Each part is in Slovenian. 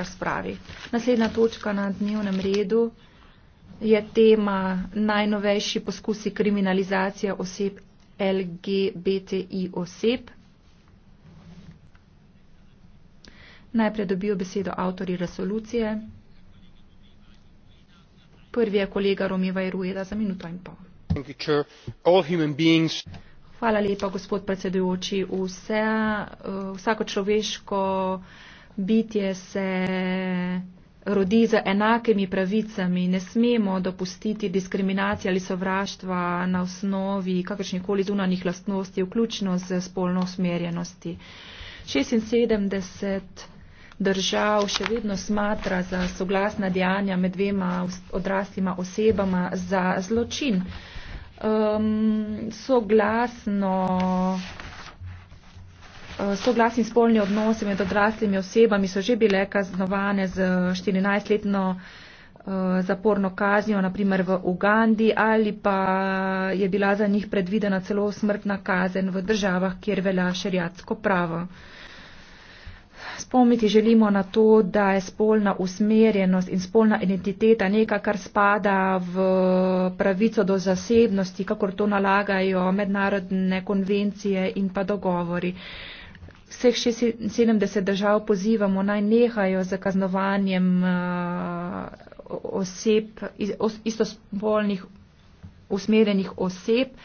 razpravi. Naslednja točka na dnevnem redu je tema najnovejši poskusi kriminalizacije oseb LGBTI oseb. Najprej dobijo besedo avtori resolucije. Prvi je kolega Romiva Irueda za minuto in pol. Hvala lepa, gospod predsedujoči. Vse, eh, vsako človeško bitje se rodi z enakimi pravicami, ne smemo dopustiti diskriminacije ali sovraštva na osnovi kakršnikoli zunanih lastnosti, vključno z spolno usmerjenosti. 76 držav še vedno smatra za soglasna dejanja med dvema odraslima osebama za zločin. Um, soglasno Eh, soglasni spolni odnosi med odraslimi osebami so že bile kaznovane z 14-letno eh, zaporno kaznijo, naprimer v Ugandi, ali pa je bila za njih predvidena celo smrtna kazen v državah, kjer velja šerjatsko pravo. Spomniti želimo na to, da je spolna usmerjenost in spolna identiteta nekaj, kar spada v pravico do zasebnosti, kakor to nalagajo mednarodne konvencije in pa dogovori. Uh, vseh 76 držav pozivamo naj nehajo z kaznovanjem uh, oseb, istospolnih usmerjenih oseb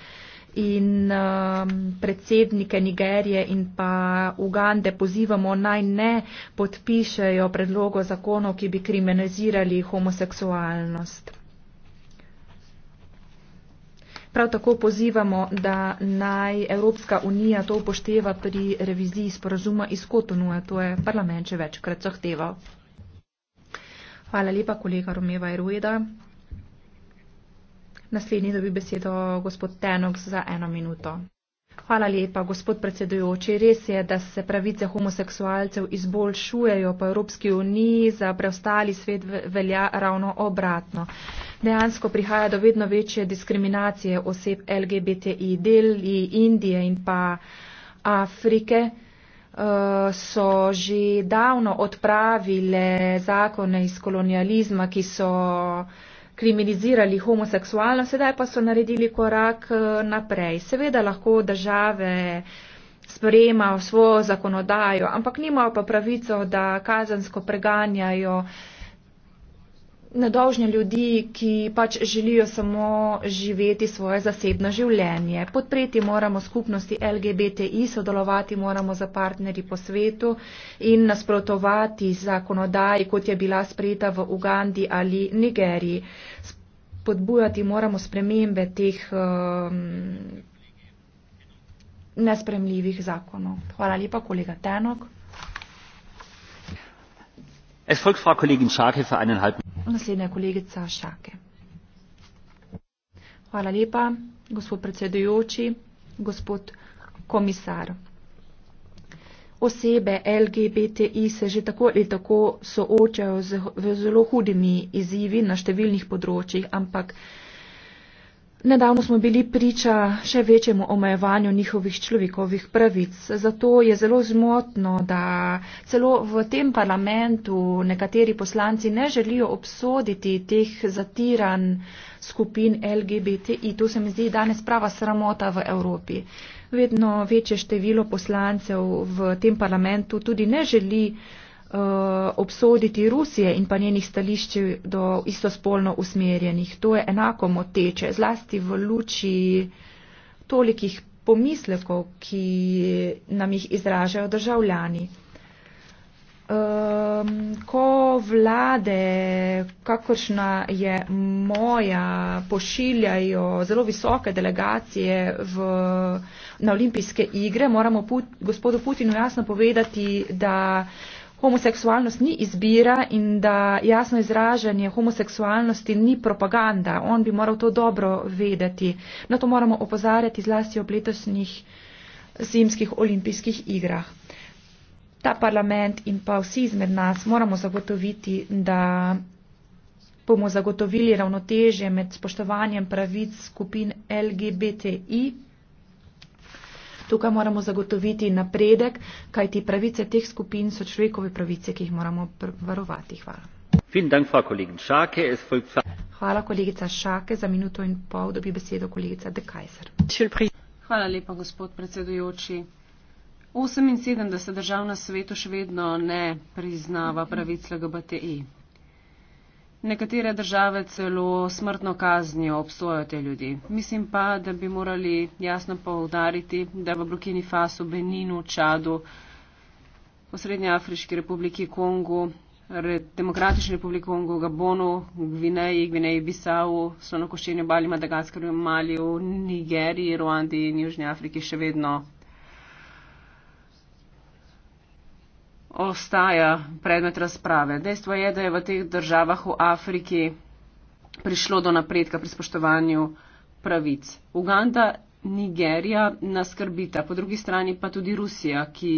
in uh, predsednike Nigerije in pa Ugande pozivamo naj ne podpišejo predlogo zakonov, ki bi kriminalizirali homoseksualnost. Prav tako pozivamo, da naj Evropska unija to upošteva pri reviziji sporazuma iz Kotonuja, to je parlament že večkrat zahteval. Hvala lepa, kolega Romeva Erueda. Naslednji dobi besedo gospod Tenoks za eno minuto. Hvala lepa, gospod predsedujoči. Res je, da se pravice homoseksualcev izboljšujejo po Evropski uniji, za preostali svet velja ravno obratno. Dejansko prihaja do vedno večje diskriminacije oseb LGBTI. Deli Indije in pa Afrike eh, so že davno odpravile zakone iz kolonializma, ki so kriminalizirali homoseksualnost, sedaj pa so naredili korak eh, naprej. Seveda lahko države sprejemajo svojo zakonodajo, ampak nimajo pa pravico, da kazensko preganjajo nedožne ljudi, ki pač želijo samo živeti svoje zasebno življenje. Podpreti moramo skupnosti LGBTI, sodelovati moramo za partnerji po svetu in nasprotovati zakonodaji, kot je bila sprejeta v Ugandi ali Nigeriji. Podbujati moramo spremembe teh um, nespremljivih zakonov. Hvala lepa, kolega Tenok. Es folgt Frau Kollegin Scharke für eineinhalb Minuten. Naslednja kolegica Šake. Hvala lepa, gospod predsedujoči, gospod komisar. Osebe LGBTI se že tako ali tako soočajo z zelo hudimi izzivi na številnih področjih, ampak Nedavno smo bili priča še večjemu omejevanju njihovih človekovih pravic. Zato je zelo zmotno, da celo v tem parlamentu nekateri poslanci ne želijo obsoditi teh zatiran skupin LGBTI. To se mi zdi danes prava sramota v Evropi. Vedno večje število poslancev v tem parlamentu tudi ne želi uh, obsoditi Rusije in pa njenih stališč do istospolno usmerjenih. To je enako moteče, zlasti v luči tolikih pomislekov, ki nam jih izražajo državljani. Um, ko vlade, kakršna je moja, pošiljajo zelo visoke delegacije v, na olimpijske igre, moramo put, gospodu Putinu jasno povedati, da uh, homoseksualnost ni izbira in da jasno izražanje homoseksualnosti ni propaganda. On bi moral to dobro vedeti. Na to moramo opozarjati zlasti ob letošnjih zimskih olimpijskih igrah. Ta parlament in pa vsi izmed nas moramo zagotoviti, da bomo zagotovili ravnoteže med spoštovanjem pravic skupin LGBTI Tukaj moramo zagotoviti napredek, kajti pravice teh skupin so človekove pravice, ki jih moramo varovati. Hvala. Hvala kolegica Šake. Za minuto in pol dobi besedo kolegica De Kajzer. Hvala lepa, gospod predsedujoči. 78 držav na svetu še vedno ne priznava pravic LGBTI. Nekatere države celo smrtno kaznijo obsojo te ljudi. Mislim pa, da bi morali jasno povdariti, da v Burkini Faso, Beninu, Čadu, v Srednji Afriški republiki Kongu, Demokratični republiki Kongo, Gabonu, Gvineji, Gvineji, Bisavu, Slonokoščenju, Bali, Madagaskarju, Maliju, Nigeriji, Ruandi in Južnji Afriki še vedno ostaja predmet razprave. Dejstvo je, da je v teh državah v Afriki prišlo do napredka pri spoštovanju pravic. Uganda, Nigerija nas skrbita, po drugi strani pa tudi Rusija, ki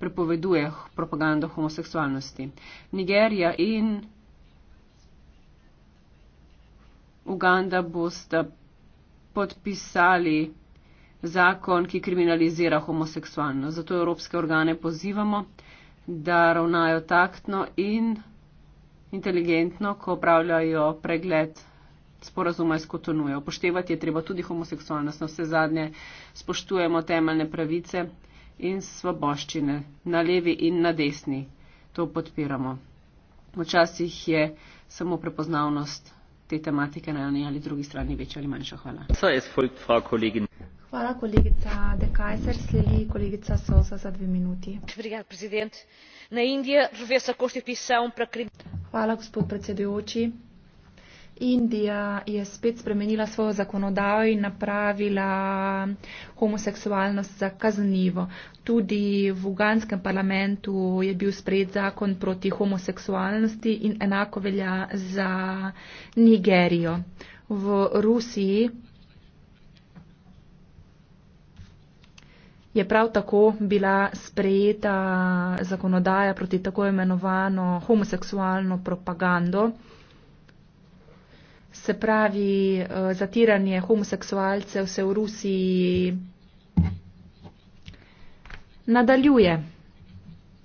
prepoveduje propagando homoseksualnosti. Nigerija in Uganda boste podpisali zakon, ki kriminalizira homoseksualnost. Zato evropske organe pozivamo, da ravnajo taktno in inteligentno, ko upravljajo pregled sporazuma iz kotonuje. Upoštevati je treba tudi homoseksualnost. Na vse zadnje spoštujemo temeljne pravice in svoboščine na levi in na desni. To podpiramo. Včasih je samo prepoznavnost te tematike na eni ali drugi strani večja ali manjša. Hvala. Hvala, kolegica De Kaiser. Sledi kolegica Sosa za dve minuti. Obrigado, presidente. Na Indiji živi sa konstitucijo pre kri. Hvala, gospod predsedujoči. Indija je spet spremenila svojo zakonodajo in napravila homoseksualnost za kaznivo. Tudi v uganskem parlamentu je bil sprejet zakon proti homoseksualnosti in enako velja za Nigerijo. V Rusiji je prav tako bila sprejeta zakonodaja proti tako imenovano homoseksualno propagando. Se pravi, eh, zatiranje homoseksualcev se v Rusiji nadaljuje.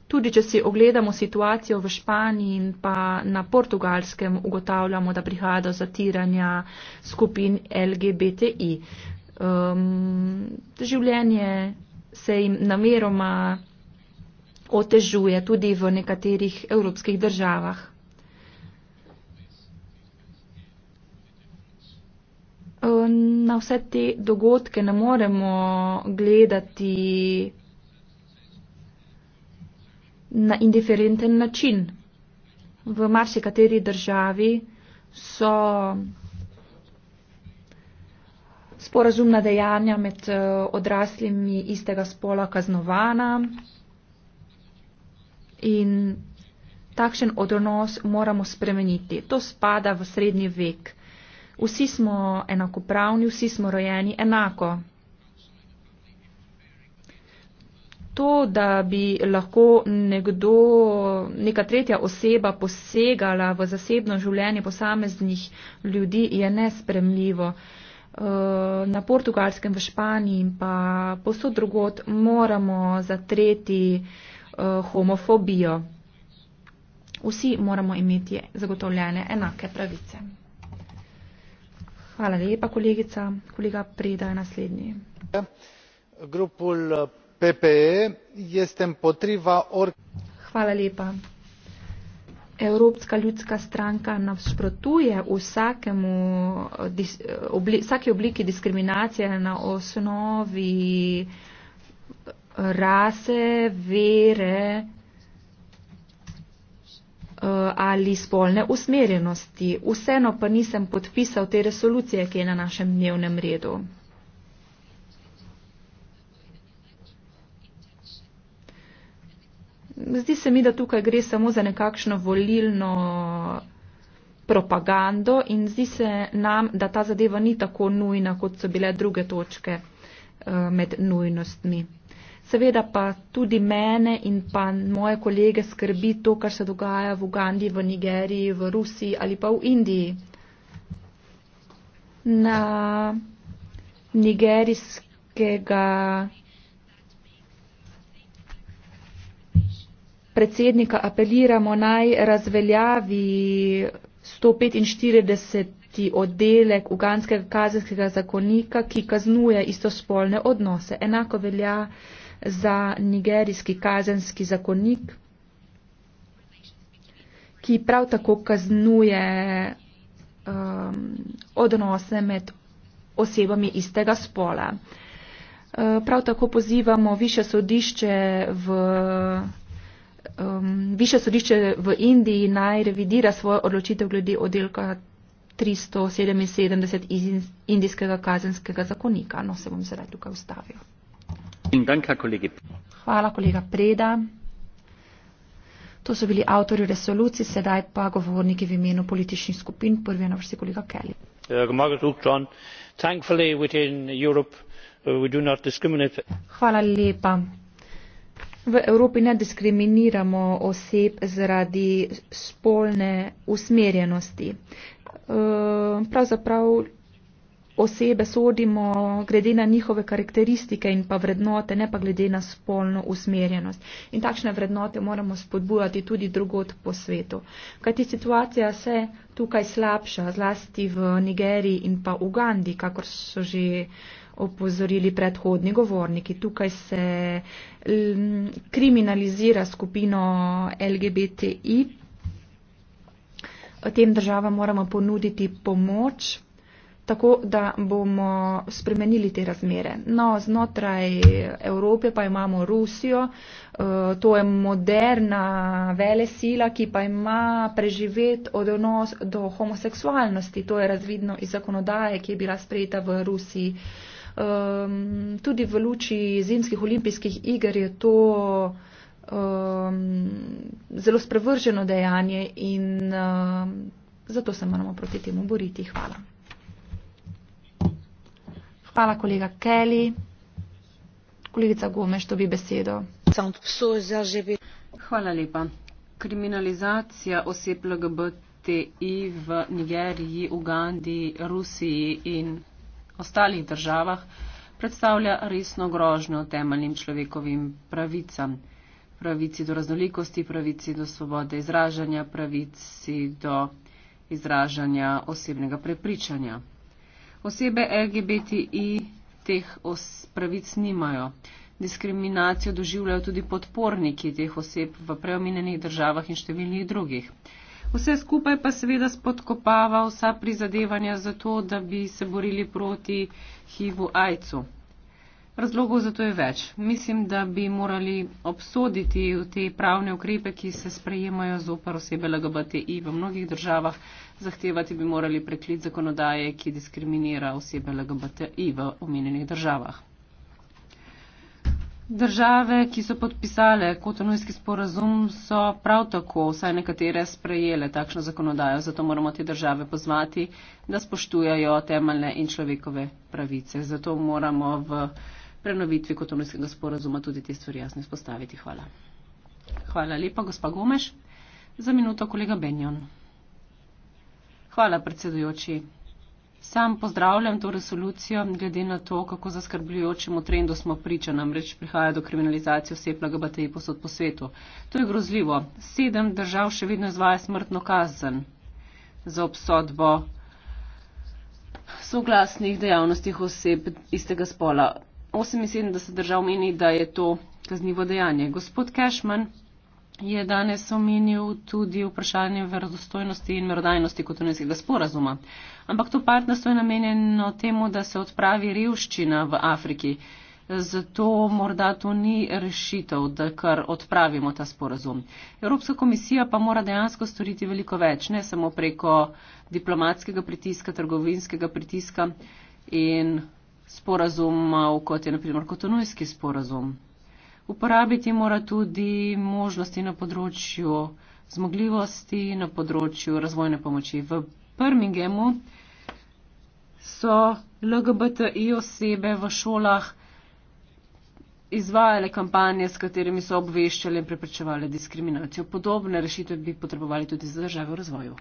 Tudi, če si ogledamo situacijo v Španiji in pa na portugalskem, ugotavljamo, da prihaja do zatiranja skupin LGBTI. Um, ehm, življenje se jim nameroma otežuje tudi v nekaterih evropskih državah. E, na vse te dogodke ne moremo gledati na indiferenten način. V marsikateri državi so sporazumna dejanja med eh, odraslimi istega spola kaznovana in takšen odnos moramo spremeniti. To spada v srednji vek. Vsi smo enakopravni, vsi smo rojeni enako. To, da bi lahko nekdo, neka tretja oseba posegala v zasebno življenje posameznih ljudi, je nespremljivo. Uh, Eh, na portugalskem, v Španiji in pa posod drugot moramo zatreti eh, homofobijo. Vsi moramo imeti zagotovljene enake pravice. Hvala lepa, kolegica. Kolega Preda je naslednji. Grupul PPE je stem potriva. Hvala lepa. Evropska ljudska stranka nasprotuje vsakemu, dis, obli, vsake obliki diskriminacije na osnovi eh, rase, vere eh, ali spolne usmerjenosti. Vseeno pa nisem podpisal te resolucije, ki je na našem dnevnem redu. zdi se mi, da tukaj gre samo za nekakšno volilno propagando in zdi se nam, da ta zadeva ni tako nujna, kot so bile druge točke eh, med nujnostmi. Seveda pa tudi mene in pa moje kolege skrbi to, kar se dogaja v Ugandi, v Nigeriji, v Rusiji ali pa v Indiji. Na nigerijskega predsednika apeliramo naj razveljavi 145. oddelek uganskega kazenskega zakonika, ki kaznuje istospolne odnose. Enako velja za nigerijski kazenski zakonik, ki prav tako kaznuje um, odnose med osebami istega spola. Uh, prav tako pozivamo više sodišče v um, više sodišče v Indiji naj revidira svojo odločitev glede oddelka 377 iz indijskega kazenskega zakonika. No, se bom zdaj tukaj ustavil. In danka, kolegi. Hvala, kolega Preda. To so bili avtori resolucij, sedaj pa govorniki v imenu političnih skupin. Prvi je na vrsti kolega Kelly. Ja, uh, Hvala lepa. V Evropi ne diskriminiramo oseb zaradi spolne usmerjenosti. Ehm, pravzaprav osebe sodimo glede na njihove karakteristike in pa vrednote, ne pa glede na spolno usmerjenost. In takšne vrednote moramo spodbujati tudi drugot po svetu. Kajti situacija se tukaj slabša, zlasti v Nigeriji in pa Ugandi, kakor so že opozorili predhodni govorniki. Tukaj se kriminalizira skupino LGBTI. Tem državam moramo ponuditi pomoč, tako da bomo spremenili te razmere. No, znotraj Evrope pa imamo Rusijo, e, to je moderna vele sila, ki pa ima preživet odnos do homoseksualnosti. To je razvidno iz zakonodaje, ki je bila sprejeta v Rusiji um, tudi v luči zimskih olimpijskih iger je to um, zelo sprevrženo dejanje in um, zato se moramo proti temu boriti. Hvala. Hvala, kolega Kelly. Kolegica Gomeš, to bi besedo. Hvala lepa. Kriminalizacija oseb LGBTI v Nigeriji, Ugandi, Rusiji in ostalih državah, predstavlja resno grožnjo temeljnim človekovim pravicam. Pravici do raznolikosti, pravici do svobode izražanja, pravici do izražanja osebnega prepričanja. Osebe LGBTI teh pravic nimajo. Diskriminacijo doživljajo tudi podporniki teh oseb v preomenjenih državah in številnih drugih. Vse skupaj pa seveda spodkopava vsa prizadevanja za to, da bi se borili proti HIV-u AIDS-u. Razlogov za to je več. Mislim, da bi morali obsoditi te pravne ukrepe, ki se sprejemajo z opar osebe LGBTI v mnogih državah. Zahtevati bi morali preklic zakonodaje, ki diskriminira osebe LGBTI v omenjenih državah. Države, ki so podpisale kotonujski sporazum, so prav tako, vsaj nekatere, sprejele takšno zakonodajo, zato moramo te države pozvati, da spoštujajo temeljne in človekove pravice. Zato moramo v prenovitvi kotonujskega sporazuma tudi te stvari jasno izpostaviti. Hvala. Hvala lepa, gospa Gomeš. Za minuto kolega Benjon. Hvala, predsedujoči. Sam pozdravljam to resolucijo, glede na to, kako zaskrbljujočemu trendu smo priča, namreč prihaja do kriminalizacije vseh LGBTI posod po svetu. To je grozljivo. Sedem držav še vedno izvaja smrtno kazen za obsodbo soglasnih dejavnostih oseb istega spola. 78 držav meni, da je to kaznivo dejanje. Gospod Kešman, je danes omenil tudi vprašanje verodostojnosti in merodajnosti kot unesega sporazuma. Ampak to partnerstvo je namenjeno temu, da se odpravi revščina v Afriki. Zato morda to ni rešitev, da kar odpravimo ta sporazum. Evropska komisija pa mora dejansko storiti veliko več, ne samo preko diplomatskega pritiska, trgovinskega pritiska in sporazumov, kot je naprimer kotonujski sporazum. Uporabiti mora tudi možnosti na področju zmogljivosti, na področju razvojne pomoči. V Birminghamu so LGBTI osebe v šolah izvajale kampanje, s katerimi so obveščali in preprečevali diskriminacijo. Podobne rešitve bi potrebovali tudi za države v razvoju.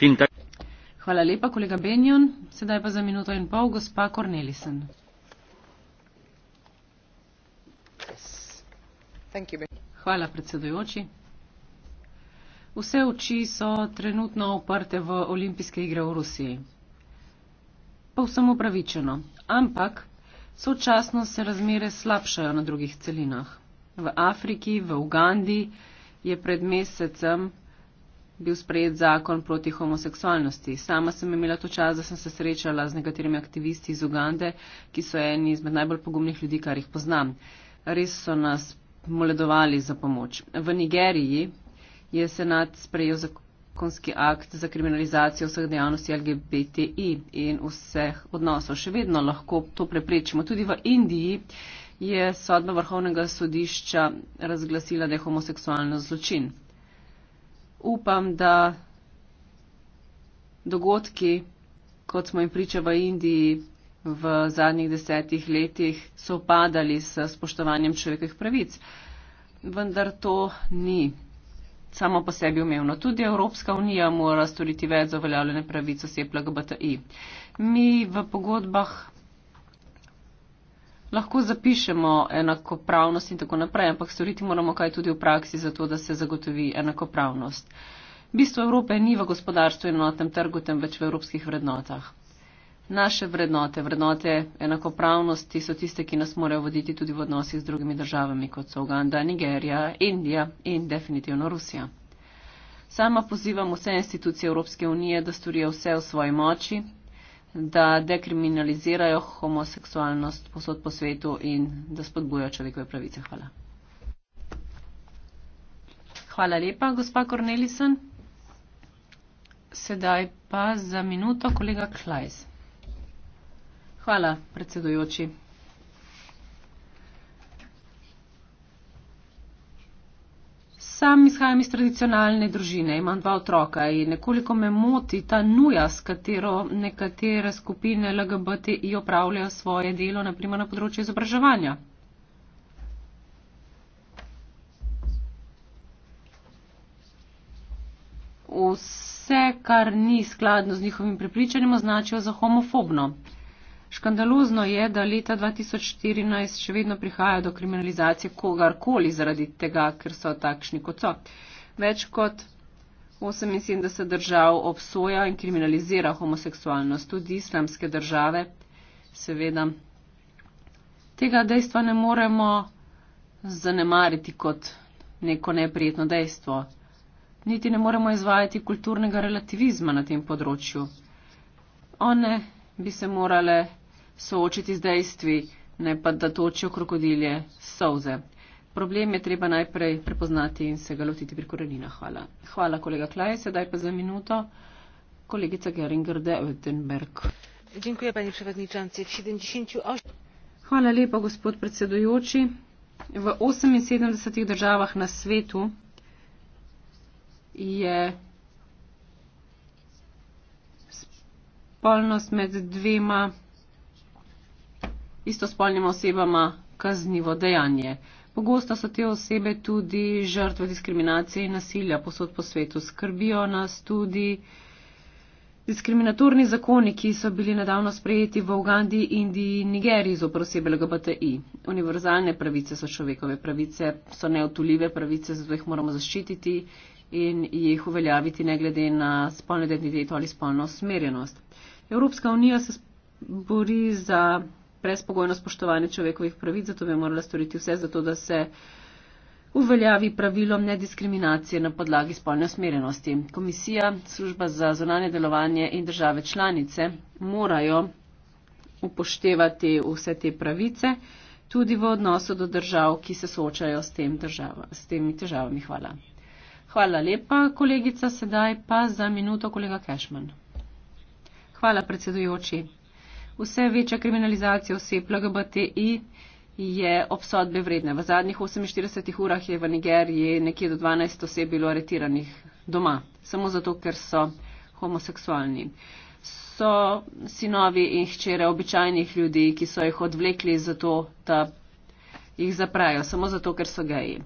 Fintech. Hvala lepa, kolega Benjon. Sedaj pa za minuto in pol, gospa Cornelisen. Hvala, predsedujoči. Vse oči so trenutno oprte v olimpijske igre v Rusiji. Povsem upravičeno. Ampak sočasno se razmere slabšajo na drugih celinah. V Afriki, v Ugandi je pred mesecem bil sprejet zakon proti homoseksualnosti. Sama sem imela to čas, da sem se srečala z nekaterimi aktivisti iz Ugande, ki so eni izmed najbolj pogumnih ljudi, kar jih poznam. Res so nas moledovali za pomoč. V Nigeriji je senat sprejel zakonski akt za kriminalizacijo vseh dejavnosti LGBTI in vseh odnosov. Še vedno lahko to preprečimo. Tudi v Indiji je sodba vrhovnega sodišča razglasila, da je homoseksualno zločin. Upam, da dogodki, kot smo jim priča v Indiji, v zadnjih desetih letih so upadali s spoštovanjem človekovih pravic. Vendar to ni samo po sebi umevno. Tudi Evropska unija mora storiti več za uveljavljene pravice oseb LGBTI. Mi v pogodbah lahko zapišemo enakopravnost in tako naprej, ampak storiti moramo kaj tudi v praksi, zato da se zagotovi enakopravnost. Bistvo Evrope ni v gospodarstvu in enotnem trgu, temveč v evropskih vrednotah naše vrednote, vrednote enakopravnosti so tiste, ki nas morajo voditi tudi v odnosih z drugimi državami, kot so Uganda, Nigerija, Indija in definitivno Rusija. Sama pozivam vse institucije Evropske unije, da storijo vse v svoji moči, da dekriminalizirajo homoseksualnost posod po svetu in da spodbujajo človekove pravice. Hvala. Hvala lepa, gospa Cornelison. Sedaj pa za minuto kolega Klajs. Hvala, predsedujoči. Sam izhajam iz tradicionalne družine, imam dva otroka in nekoliko me moti ta nuja, s katero nekatere skupine LGBTI opravljajo svoje delo, naprimer na področju izobraževanja. Vse, kar ni skladno z njihovim prepričanjem, označijo za homofobno. Škandalozno je, da leta 2014 še vedno prihaja do kriminalizacije kogarkoli zaradi tega, ker so takšni kot so. Več kot 78 držav obsoja in kriminalizira homoseksualnost, tudi islamske države. Seveda, tega dejstva ne moremo zanemariti kot neko neprijetno dejstvo. Niti ne moremo izvajati kulturnega relativizma na tem področju. One bi se morale soočiti z dejstvi, ne pa da točijo krokodilje solze. Problem je treba najprej prepoznati in se ga lotiti pri koreninah. Hvala. Hvala, kolega Klaj, sedaj pa za minuto. Kolegica Geringer de Oettenberg. Hvala lepa, gospod predsedujoči. V 78 državah na svetu je spolnost med dvema istospolnima osebama kaznivo dejanje. Pogosto so te osebe tudi žrtve diskriminacije in nasilja posod po svetu. Skrbijo nas tudi diskriminatorni zakoni, ki so bili nedavno sprejeti v Ugandi, Indiji in Nigeriji z osebe LGBTI. Univerzalne pravice so človekove pravice, so neotuljive pravice, zato jih moramo zaščititi in jih uveljaviti ne glede na spolno identiteto ali spolno usmerjenost. Evropska unija se bori za brezpogojno spoštovanje človekovih pravic, zato bi morala storiti vse za to, da se uveljavi pravilo nediskriminacije na podlagi spolne osmerenosti. Komisija, služba za zonanje delovanje in države članice morajo upoštevati vse te pravice, tudi v odnosu do držav, ki se soočajo s, tem država, s temi težavami. Hvala. Hvala lepa, kolegica, sedaj pa za minuto kolega Kešman. Hvala, predsedujoči vse večja kriminalizacija oseb LGBTI je obsodbe vredne. V zadnjih 48 urah je v Nigeriji nekje do 12 oseb bilo aretiranih doma, samo zato, ker so homoseksualni. So sinovi in hčere običajnih ljudi, ki so jih odvlekli zato, da jih zaprajo, samo zato, ker so geji.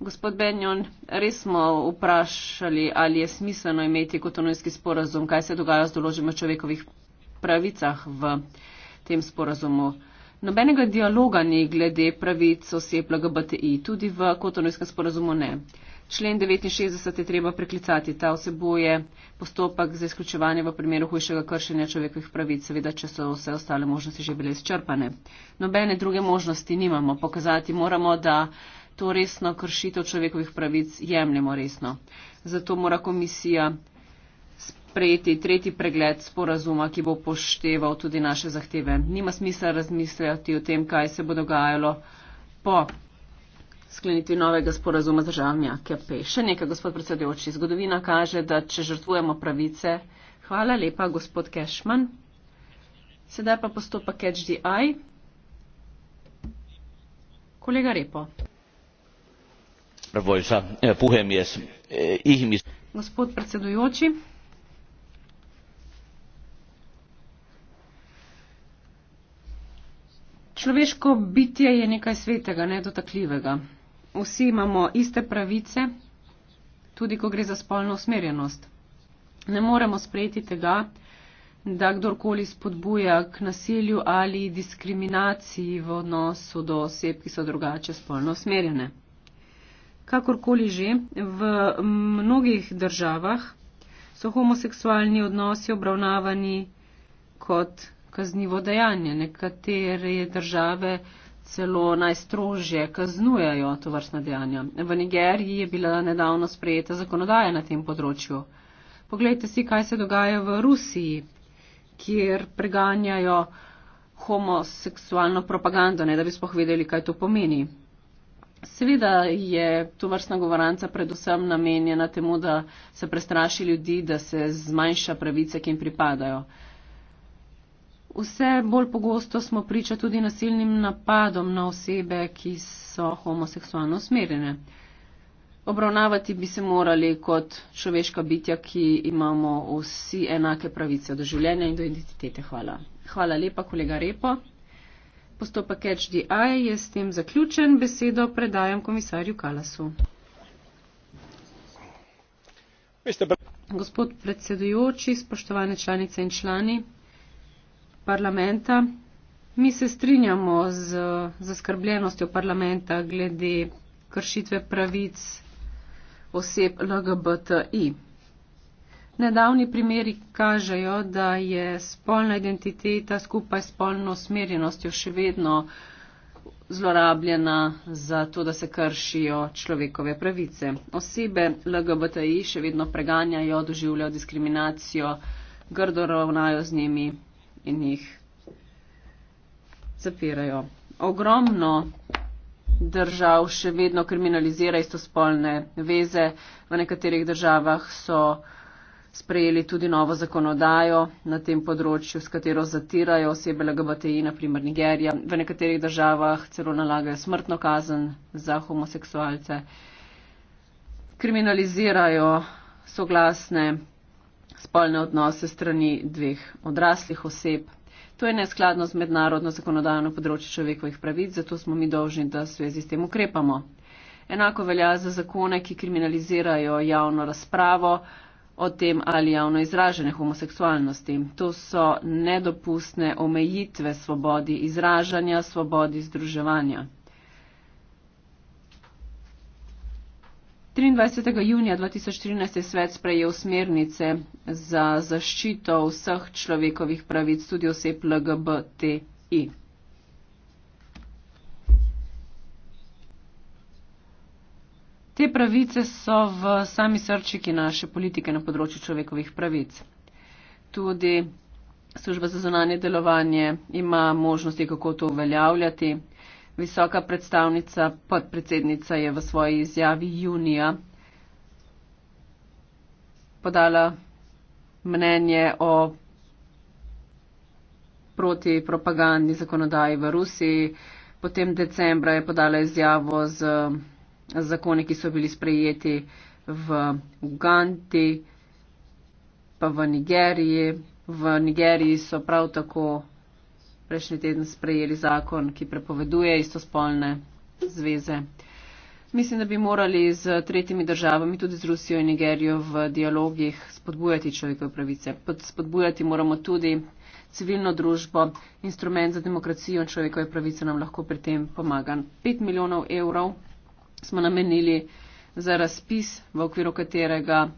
Gospod Benjon, res smo vprašali, ali je smiselno imeti kotonojski sporazum, kaj se dogaja z določima človekovih pravicah v tem sporazumu. Nobenega dialoga ni glede pravic oseb LGBTI, tudi v kotonovskem sporazumu ne. Člen 69 je treba preklicati, ta vseboje postopek za izključevanje v primeru hujšega kršenja človekovih pravic, seveda, če so vse ostale možnosti že bile izčrpane. Nobene druge možnosti nimamo, pokazati moramo, da to resno kršitev človekovih pravic jemljemo resno. Zato mora komisija sprejeti tretji pregled sporazuma, ki bo pošteval tudi naše zahteve. Nima smisla razmisljati o tem, kaj se bo dogajalo po sklenitvi novega sporazuma z državami AKP. Še nekaj, gospod predsedujoči. Zgodovina kaže, da če žrtvujemo pravice. Hvala lepa, gospod Kešman. Sedaj pa postopek HDI. Kolega Repo. Arvoisa eh, puhemies, eh, ihmis... Gospod predsedujoči, človeško bitje je nekaj svetega, nedotakljivega. Vsi imamo iste pravice, tudi ko gre za spolno usmerjenost. Ne moremo sprejeti tega, da kdorkoli spodbuja k nasilju ali diskriminaciji v odnosu do oseb, ki so drugače spolno usmerjene. Kakorkoli že, v mnogih državah so homoseksualni odnosi obravnavani kot kaznivo dejanje. Nekatere države celo najstrožje kaznujejo to vrstna dejanja. V Nigeriji je bila nedavno sprejeta zakonodaja na tem področju. Poglejte si, kaj se dogaja v Rusiji, kjer preganjajo homoseksualno propagando, ne da bi spoh vedeli, kaj to pomeni. Seveda je to vrstna govoranca predvsem namenjena temu, da se prestraši ljudi, da se zmanjša pravice, ki jim pripadajo. Vse bolj pogosto smo priča tudi nasilnim napadom na osebe, ki so homoseksualno usmerjene. Obravnavati bi se morali kot človeška bitja, ki imamo vsi enake pravice do življenja in do identitete. Hvala. Hvala lepa, kolega Repo. Postopek HDI je s tem zaključen. Besedo predajam komisarju Kalasu. Gospod predsedujoči, spoštovane članice in člani parlamenta. Mi se strinjamo z zaskrbljenostjo parlamenta glede kršitve pravic oseb LGBTI. Nedavni primeri kažejo, da je spolna identiteta skupaj s spolno smerjenostjo še vedno zlorabljena za to, da se kršijo človekove pravice. Osebe LGBTI še vedno preganjajo, doživljajo diskriminacijo, grdo ravnajo z njimi, in jih zapirajo. Ogromno držav še vedno kriminalizira istospolne veze. V nekaterih državah so sprejeli tudi novo zakonodajo na tem področju, s katero zatirajo osebe LGBTI, naprimer Nigerija. V nekaterih državah celo nalagajo smrtno kazen za homoseksualce. Kriminalizirajo soglasne spolne odnose strani dveh odraslih oseb. To je neskladno z mednarodno zakonodajo na področju človekovih pravic, zato smo mi dolžni, da v svezi s tem ukrepamo. Enako velja za zakone, ki kriminalizirajo javno razpravo o tem ali javno izražene homoseksualnosti. To so nedopustne omejitve svobodi izražanja, svobodi združevanja. 23. junija 2013 je svet sprejel smernice za zaščito vseh človekovih pravic, tudi oseb LGBTI. Te pravice so v sami srčiki naše politike na področju človekovih pravic. Tudi služba za zunanje delovanje ima možnosti, kako to uveljavljati. Visoka predstavnica, podpredsednica je v svoji izjavi junija podala mnenje o protipropagandni zakonodaji v Rusiji. Potem decembra je podala izjavo z zakoni, ki so bili sprejeti v Ugandi, pa v Nigeriji. V Nigeriji so prav tako prejšnji teden sprejeli zakon, ki prepoveduje istospolne zveze. Mislim, da bi morali z tretjimi državami, tudi z Rusijo in Nigerijo, v dialogih spodbujati človekove pravice. Spodbujati moramo tudi civilno družbo, instrument za demokracijo in človekove pravice nam lahko pri tem pomaga. 5 milijonov evrov smo namenili za razpis, v okviru katerega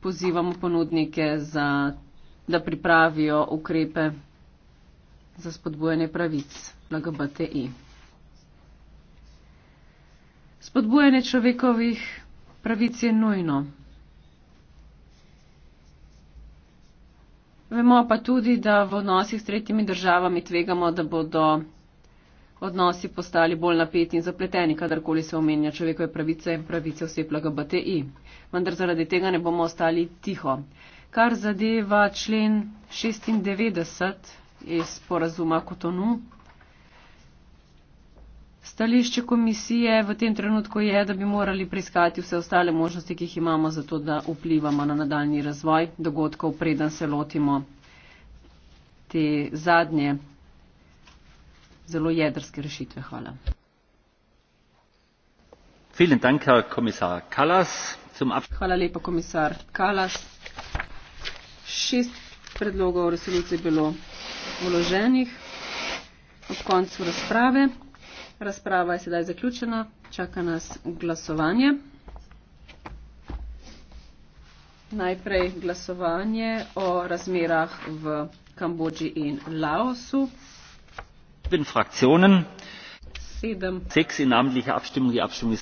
pozivamo ponudnike, za, da pripravijo ukrepe za spodbujanje pravic LGBTI. Spodbujanje človekovih pravic je nujno. Vemo pa tudi, da v odnosih s tretjimi državami tvegamo, da bodo odnosi postali bolj napeti in zapleteni, kadarkoli se omenja človekove pravice in pravice vseh LGBTI. Vendar zaradi tega ne bomo ostali tiho. Kar zadeva člen 96 iz sporazuma Kotonu. Stališče komisije v tem trenutku je, da bi morali preiskati vse ostale možnosti, ki jih imamo za to, da vplivamo na nadaljni razvoj dogodkov, preden se lotimo te zadnje zelo jedrske rešitve. Hvala. Hvala lepa, komisar Kalas. Šest predlogov resolucije je bilo vloženih ob koncu razprave. Razprava je sedaj zaključena, čaka nas glasovanje. Najprej glasovanje o razmerah v Kambodži in Laosu. Sedem. Seks in namenlih abštimljih abštimljih.